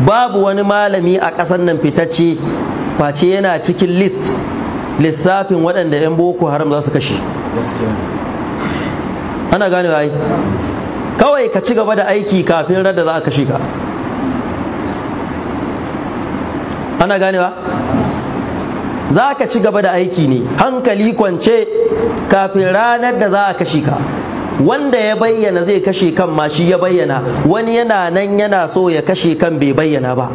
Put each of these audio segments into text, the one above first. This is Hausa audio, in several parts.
babu wani malami a ƙasar nan fitacce face yana cikin list lissafin waɗanda 'yan boko haram za su kashe ana gane ai kawai ka ci gaba da aiki kafin rada za a kashe ka ana ganewa za ka ci gaba da aiki ne hankali kwance kafin ranar da za a kashe ka wanda ya bayyana zai kashe kan ma shi ya bayyana wani yana nan yana so ya kashe kan bai bayyana ba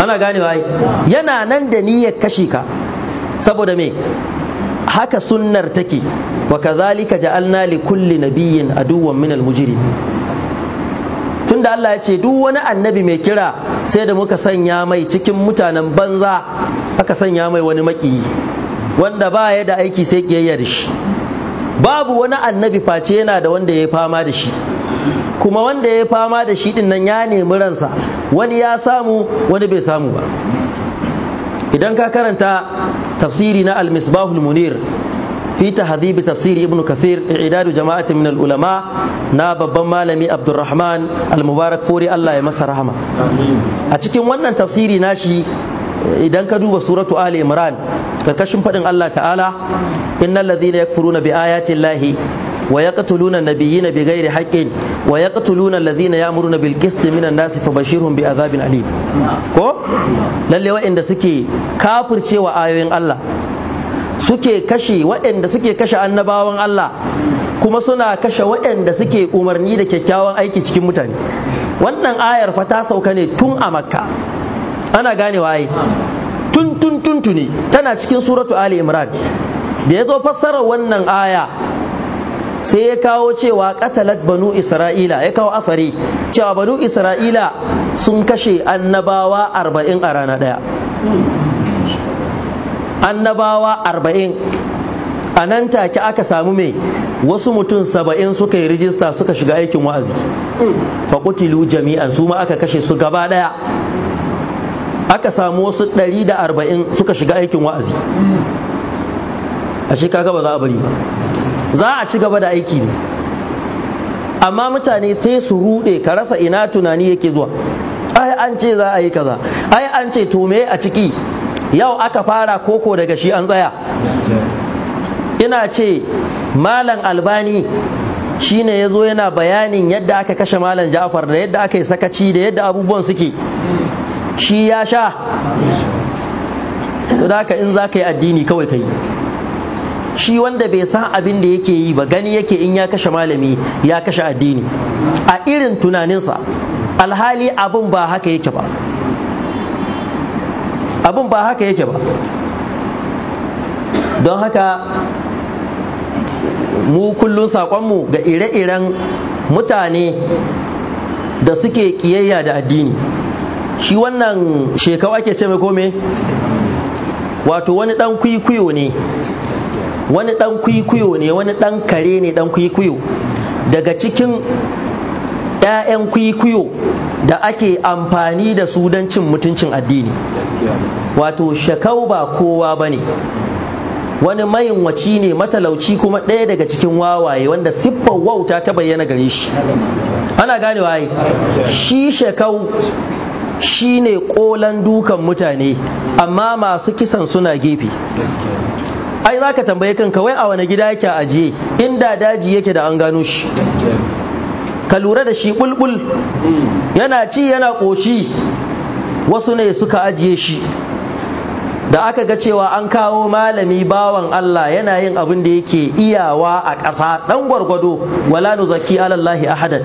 ana ganewa ai yana nan da ni ya kashe ka saboda me haka sunnar take wa kadhalika ja'alna li kulli nabiyyin aduwwan minal mujrim tunda Allah ya ce duk wani annabi mai kira sai da muka sanya mai cikin mutanen banza aka sanya mai wani makiyi. wanda ba ya da aiki sai kiyayya da shi babu wani annabi face yana da wanda ya fama da shi kuma wanda ya fama da shi din nan ya nemi ransa wani ya samu wani bai samu ba idan ka karanta tafsiri na al-misbahul munir fi tahdhib tafsiri ibn kathir i'dadu jama'atin min al-ulama na babban malami abdurrahman al-mubarak fori Allah ya masa rahama a cikin wannan tafsiri nashi idan ka duba suratu ali imran karkashin faɗin Allah ta'ala innal ladhina yakfuruna bi ayati llahi wa yaqtuluna an bi ghairi haqqin wa yaqtuluna alladhina ya'muruna bil qisti minan nasi bashirhum bi adhabin alim ko lalle waɗanda suke kafircewa ayoyin Allah suke kashe waɗanda suke kashe annabawan Allah kuma suna kashe waɗanda suke umarni da kyakkyawan aiki cikin mutane wannan ayar fa ta sauka ne tun a makka ana ganewa ai tun tana cikin suratu ali imran da ya zo fassara wannan aya sai ya kawo cewa katalat banu isra'ila ya kawo afari cewa banu isra'ila sun kashe annabawa arba'in a rana ɗaya annabawa arba'in a nan take aka samu mai wasu mutum saba'in suka yi rijista suka shiga aikin wa'azi faƙutilu jami'an su ma aka kashe su gaba ɗaya aka samu wasu 140 suka shiga aikin wa'azi ashe kaga ba za a bari ba za a ci gaba da aiki ne amma mutane sai su rude ka rasa ina tunani yake zuwa ai an ce za a yi kaza ai an ce to me a ciki yau aka fara koko daga shi an tsaya ina ce malam albani shi ne ya zo yana bayanin yadda aka kashe malam ja'far da yadda aka yi sakaci da yadda abubuwan suke shi ya sha to da in za ka yi addini kawai ka yi shi wanda bai san abin da yake yi ba gani yake in ya kashe malami ya kashe addini a irin tunaninsa alhali abin ba haka yake ba abin ba haka yake ba don haka mu kullum saƙonmu ga ire-iren mutane da suke ƙiyayya da addini shi wannan shekau ake ce mai kome wato wani dan kwikwiyo ne wani dan kwikwiyo ne wani dan kare ne dan kwikwiyo daga cikin 'ya'yan kwikwiyo da ake amfani da su don cin mutuncin addini wato shekau ba kowa ba ne wani mayinwaci ne matalauci kuma ɗaya daga cikin wawaye wanda siffar wauta ta bayyana gare shi ana ganewa shi shekau Shi ne kolan dukan mutane amma masu kisan suna gefe ai za ka tambaye kanka wai a wani gida yake ajiye inda daji yake da an gano shi ka lura da shi bulbul yana ci yana ƙoshi wasu ne suka ajiye shi da aka ga cewa an kawo malami bawan Allah yana yin abin da yake iyawa a ƙasa ɗan gwargwado wala nuzaki alallahi ahadan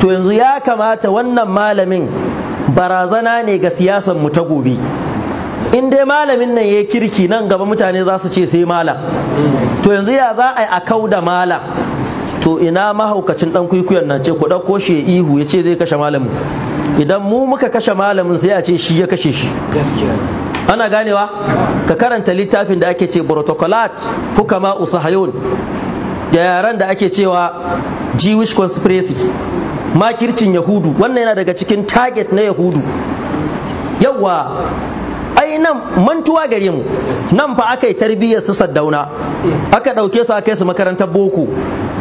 to yanzu ya kamata wannan malamin barazana ne ga siyasan mu ta gobe in dai malamin nan yayi kirki nan gaba mutane za su ce sai malam to yanzu ya za a yi a da malam to ina mahaukacin dan kuikuyan nan ce ku ɗauko shi ihu ya ce zai kashe malamin idan mu muka kashe malamin sai a ce shi ya kashe shi ana ganewa ka karanta littafin da ake ce protocolat fukama usahayun da yaran da ake cewa jewish conspiracy makircin yahudu wannan yana daga cikin target na yahudu yawa ai nan mantuwa gare mu nan fa aka yi tarbiyyar su Sadauna, aka ɗauke su aka yi su makarantar boko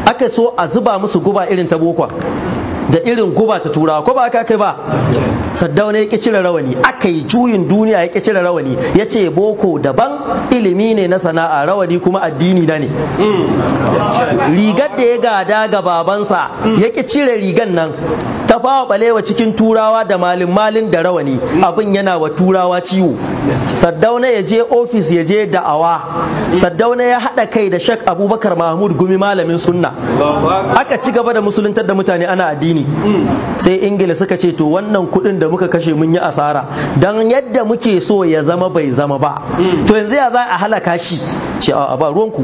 aka so a zuba musu guba irin ta boko da irin guba ta turawa ko ba ka kai ba saddau ya ƙi cire rawani aka yi juyin duniya ya ƙi cire rawani ya ce boko daban ilimi ne na sana'a rawani kuma addini na ne mm. rigar da ya gada ga babansa ya ƙi cire rigan nan ta fawa balewa cikin turawa da malin malin da rawani abin yana wa turawa ciwo saddauna ya je ofis ya je da'awa saddauna ya haɗa kai da shak abubakar mahmud gumi malamin sunna aka ci gaba da musuluntar da mutane ana addini sai ingila suka ce to wannan kuɗin da muka kashe mun yi asara don yadda muke so ya zama bai zama ba to yanzu ya za a halaka shi ce a ba ruwanku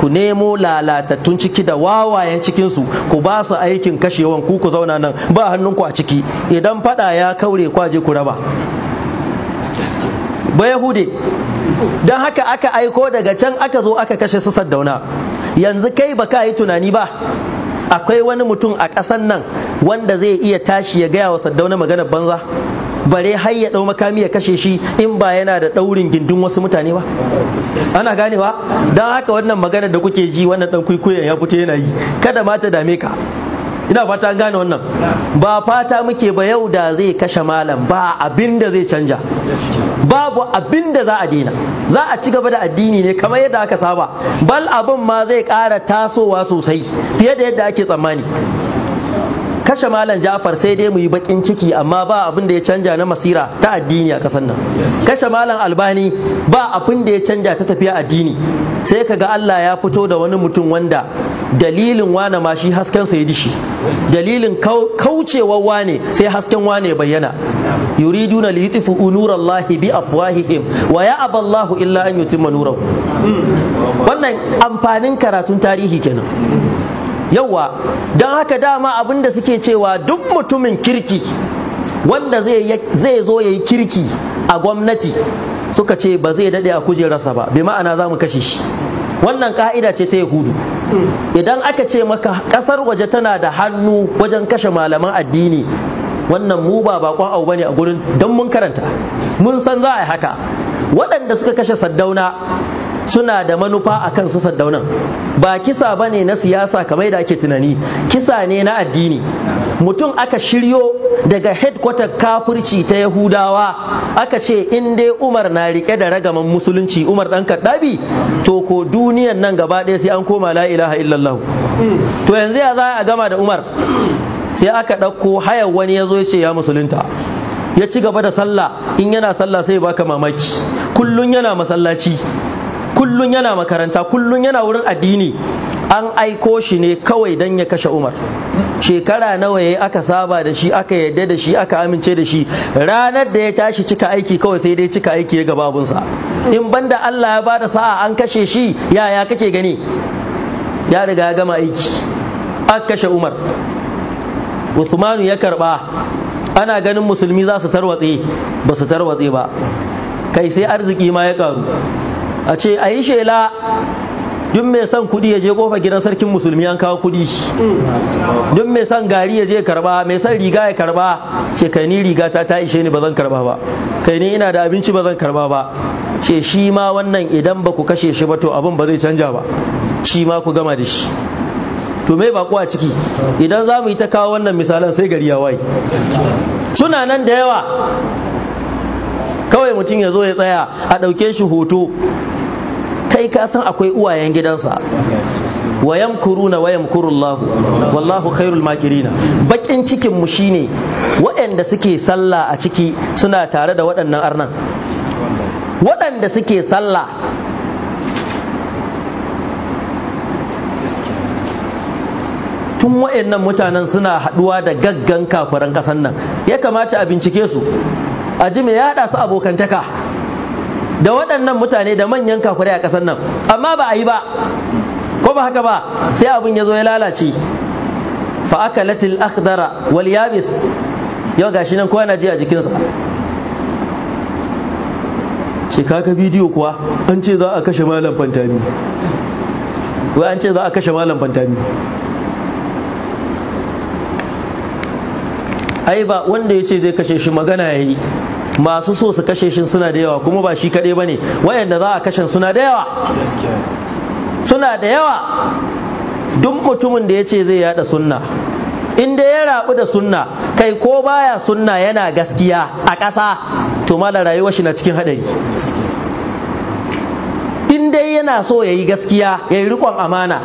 ku nemo lalatattun ciki da wawayen cikinsu ku ba su aikin kashewan ku ku zauna nan ba a hannunku a ciki idan fada ya kaure kwaje ku raba ba yahude don haka aka aiko daga can aka zo aka kashe su saddauna yanzu kai ba ka yi tunani ba akwai wani mutum a kasan nan wanda zai iya tashi ya gaya wa saddauna maganar banza bare har ya ɗau makami ya kashe shi in ba yana da ɗaurin gindin wasu mutane ba ana ganewa don haka wannan maganar da kuke ji wannan dan kwaikwayon ya fito yana yi kada ma ta dame ka ina fata gane wannan ba fata muke ba yau da zai kashe malam ba abin da zai canja babu abin da za a dina za a ci gaba da addini ne kamar yadda aka saba bal abin ma zai ƙara tasowa sosai fiye da yadda ake tsammani kashe malam Ja'far sai dai mu yi bakin ciki amma ba abin da ya canja na masira ta addini a kasar nan kashe malam Albani ba abin da ya canja ta tafiya addini sai ka ga Allah ya fito da wani mutum wanda dalilin wane ma shi hasken sa ya dishi dalilin kaucewar wane sai hasken wane ya bayyana yuriduna li yutifu unurallahi bi afwahihim wa ya aballahu illa an yutimma nurahu hmm. wannan amfanin karatun tarihi kenan yauwa don haka dama abin da suke cewa duk mutumin kirki wanda zai zo ya yi kirki a gwamnati suka ce ba zai daɗe a kujerarsa ba bi ma'ana za mu kashe shi wannan ka'ida ce ta yahudu idan aka ce maka ƙasar waje tana da hannu wajen kashe malaman addini wannan mu ba bakon abu bane a gurin don mun karanta mun san za a yi haka waɗanda suka kashe saddauna suna da manufa a kan su saddaunan ba kisa ba ne na siyasa kamar da ake tunani kisa ne na addini mutum aka shiryo daga headquarter kafirci ta yahudawa aka ce in dai umar na rike da ragaman musulunci umar dan kaddabi to ko duniyan nan gaba ɗaya sai an koma la ilaha illallah to yanzu ya za a gama da umar sai aka ɗauko hayar wani ya zo ya ce ya musulunta ya ci gaba da sallah in yana sallah sai baka mamaki kullun yana masallaci kullun yana makaranta kullun yana wurin addini an aiko shi ne kawai don ya kashe umar shekara nawa ya aka saba da shi aka yadda da shi aka amince da shi ranar da ya tashi cika aiki kawai sai dai cika aiki ya gababunsa in banda allah ya bada sa'a an kashe shi yaya kake gani ya riga ya gama aiki an kashe umar Usmanu ya karba ana ganin musulmi za su tarwatse ba su tarwatse ba kai sai arziki ma ya karu a ce a yi shela duk mai son kudi ya je kofa gidan sarkin musulmi an kawo kudi duk mai son gari ya je karba mai son riga ya karba ce kai ni riga ta ta ishe ni ba zan karba ba kai ni ina da abinci ba zan karba ba ce shi ma wannan idan ba ku kashe shi ba to abin ba zai canja ba shi ma ku gama da shi to me bako a ciki idan za mu yi ta kawo wannan misalan sai gari ya waye suna nan da yawa kawai mutum ya zo ya tsaya a ɗauke shi hoto kai ka san akwai uwayen gidansa wa yamkuruna wa yamkurullah wallahu khairul makirina bakin cikin mu shine waɗanda suke sallah a ciki suna tare da waɗannan arnan waɗanda suke sallah tun waɗannan mutanen suna haɗuwa da gaggan kafaran ƙasar nan ya kamata a bincike su a ji me ya su abokantaka da waɗannan mutane da manyan kakuri a ƙasar nan amma ba a yi ba ko ba haka ba sai abin ya zo ya lalace fa aka latil akhdara wal yabis yau gashi nan kowa na ji a jikinsa ce kaka bidiyo kuwa an ce za a kashe malam fantami wai an ce za a kashe malam fantami ai ba wanda ya ce zai kashe shi magana ya yi masu so su kashe shi suna da yawa kuma ba shi kaɗai ba ne wayanda za a kashe suna da yawa suna da yawa duk mutumin da ya ce zai yada sunna in ya rabu da sunna kai ko baya sunna yana gaskiya a ƙasa to mala rayuwar shi na cikin haɗari in dai yana so ya yi gaskiya ya yi riƙon amana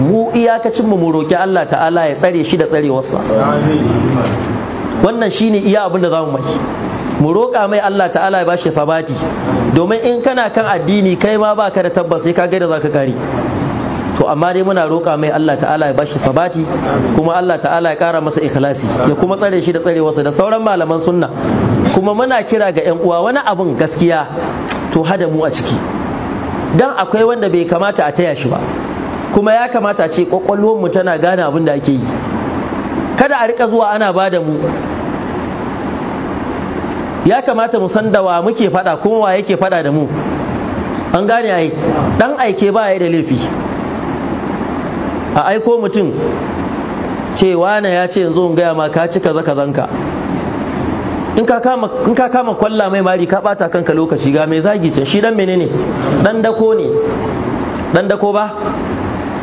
mu iyakacin mu roƙi Allah ta'ala ya tsare shi da tsarewarsa wannan shine iya abin da za mu mai mu roƙa mai Allah ta'ala ya bashi sabati domin in kana kan addini kai ma baka da tabbas sai ka ga da zaka kare to amma dai muna roƙa mai Allah ta'ala ya bashi sabati kuma Allah ta'ala ya ƙara masa ikhlasi ya kuma tsare shi da tsarewarsa da sauran malaman sunna kuma muna kira ga 'yan uwa wani abun gaskiya to hada mu a ciki dan akwai wanda bai kamata a taya shi ba kuma ya kamata a ce kwakwalwar mu tana gane abin da ake yi kada a rika zuwa ana bada mu ya kamata mu san da wa muke faɗa kuma wa yake faɗa da mu an gane ai dan aike ba ya da laifi a aiko mutum ce wane ya ce yanzu in gaya ma ka ci kaza kazanka in ka kama in ka kama kwalla mai mari ka bata kanka lokaci ga mai zagi can shi dan menene dan dako ne dan dako ba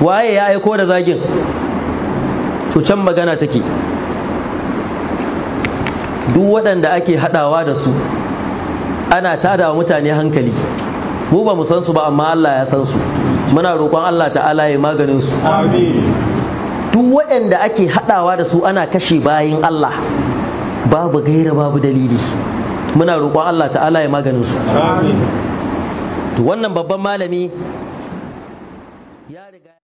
waye ya aiko da zagin to can magana take duk waɗanda ake haɗawa da su ana tada wa mutane hankali mu ba mu san su ba amma Allah ya san su muna roƙon Allah ta'ala ya maganin su duk waɗanda ake haɗawa da su ana kashe bayin Allah babu gaira babu dalili muna roƙon Allah ta'ala ya maganin su wannan babban malami